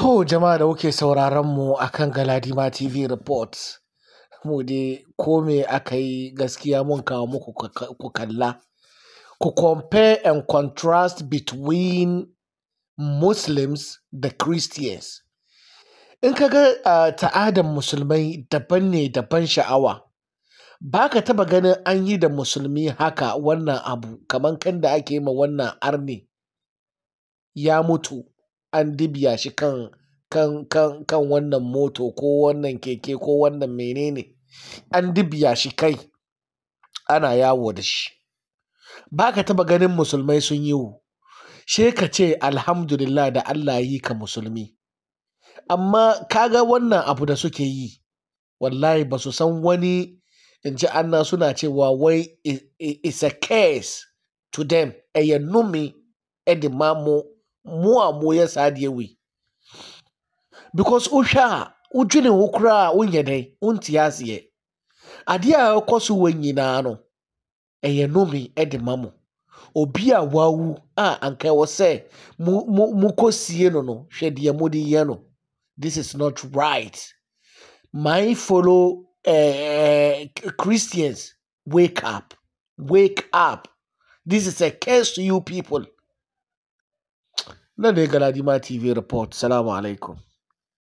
To jama'a da kuke sauraron mu akan Galadima TV report mu dai ko me aka yi gaskiya mun kawo muku ku kalla. Ku compare and contrast between Muslims da Christians. In ka ga uh, ta'adan musulmai daban ne daban sha'awa, ba ka taba ganin an yi da musulmi haka wannan abu, kamar kan da ake ma wannan arni ya mutu. an dibiya shi kan kan kan kan wannan moto ko wannan keke ko wannan menene an dibiya shi kai ana yawo da shi ba ka taba ganin musulmai sun yi she ka ce alhamdulillah da Allah yi ka musulmi amma kaga wannan abu da suke yi wallahi ba su san wani in ji anna suna cewa wai is a case to them a edimamo mu a moyɛ saa adeɛ wei because wohwɛ a wodwene wo koraa a wonyɛ dɛn wonte aseɛ adeɛ a ɛkɔ so wɔ nyinaa no ɛyɛ nome de ma mo obi a wawu a anka ɛwɔ sɛ mokɔsie no no hwɛ deɛ mode this is not right my follow uh, christians wake up wake up this is a curse to you people Nan ne Galadima TV Report. Salamu alaikum.